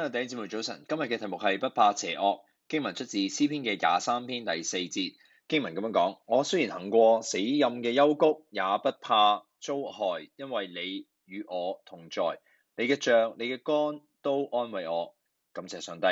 今日第一節目早晨，今日嘅題目係不怕邪惡。經文出自詩篇嘅廿三篇第四節。經文咁樣講：我雖然行過死蔭嘅幽谷，也不怕遭害，因為你與我同在。你嘅杖、你嘅竿都安慰我。感謝上帝。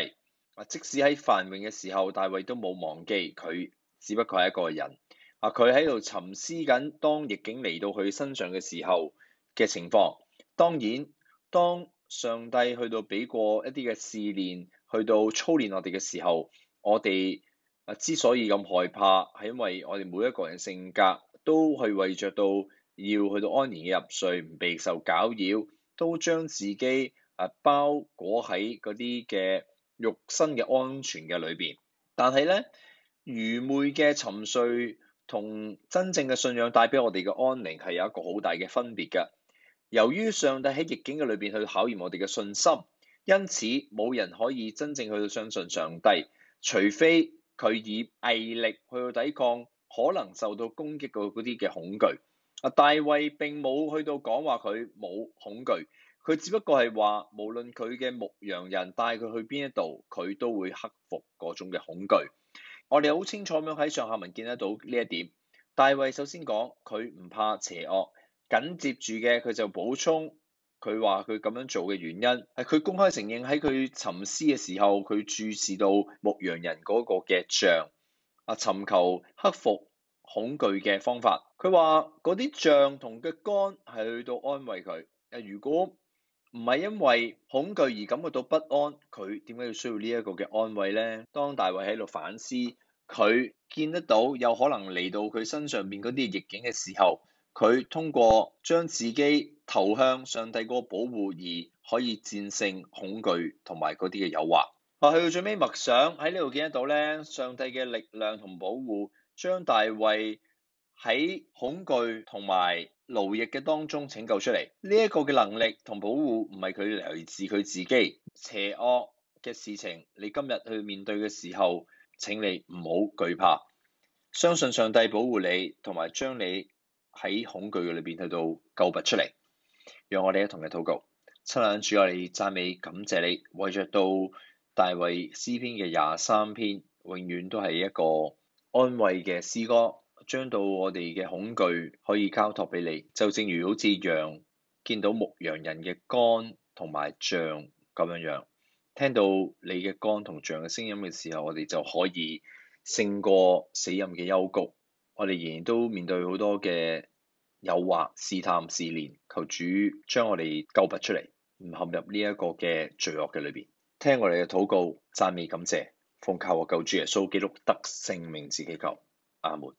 啊，即使喺繁榮嘅時候，大衛都冇忘記佢，只不過係一個人。啊，佢喺度沉思緊，當逆境嚟到佢身上嘅時候嘅情況。當然，當上帝去到俾過一啲嘅試煉，去到操練我哋嘅時候，我哋啊之所以咁害怕，係因為我哋每一個人嘅性格，都係為着到要去到安然嘅入睡，唔被受攪擾，都將自己啊包裹喺嗰啲嘅肉身嘅安全嘅裏邊。但係咧，愚昧嘅沉睡同真正嘅信仰帶俾我哋嘅安寧係有一個好大嘅分別㗎。由於上帝喺逆境嘅裏邊去考驗我哋嘅信心，因此冇人可以真正去到相信上帝，除非佢以毅力去到抵抗可能受到攻擊嘅嗰啲嘅恐懼。啊，大衛並冇去到講話佢冇恐懼，佢只不過係話無論佢嘅牧羊人帶佢去邊一度，佢都會克服嗰種嘅恐懼。我哋好清楚咁樣喺上下文見得到呢一點。大衛首先講佢唔怕邪惡。緊接住嘅，佢就補充，佢話佢咁樣做嘅原因係佢公開承認喺佢沉思嘅時候，佢注視到牧羊人嗰個嘅杖，啊，尋求克服恐懼嘅方法。佢話嗰啲杖同嘅竿係去到安慰佢。誒，如果唔係因為恐懼而感覺到不安，佢點解要需要呢一個嘅安慰咧？當大衛喺度反思，佢見得到有可能嚟到佢身上邊嗰啲逆境嘅時候。佢通過將自己投向上帝個保護而可以戰勝恐懼同埋嗰啲嘅誘惑。話、啊、去到最尾默想喺呢度見得到咧，上帝嘅力量同保護將大衛喺恐懼同埋奴役嘅當中拯救出嚟。呢、這、一個嘅能力同保護唔係佢嚟自佢自己。邪惡嘅事情，你今日去面對嘅時候，請你唔好懼怕，相信上帝保護你同埋將你。喺恐懼嘅裏邊睇到救拔出嚟，讓我哋一同嘅禱告，親恩主啊，你讚美感謝你，為着到大衛詩篇嘅廿三篇，永遠都係一個安慰嘅詩歌，將到我哋嘅恐懼可以交託俾你，就正如好似羊見到牧羊人嘅竿同埋杖咁樣樣，聽到你嘅竿同杖嘅聲音嘅時候，我哋就可以勝過死蔭嘅幽谷。我哋仍然都面對好多嘅誘惑、試探、試煉，求主將我哋救拔出嚟，唔陷入呢一個嘅罪惡嘅裏邊。聽我哋嘅禱告，讚美感謝，奉靠我救主耶穌基督得勝名字祈求，阿門。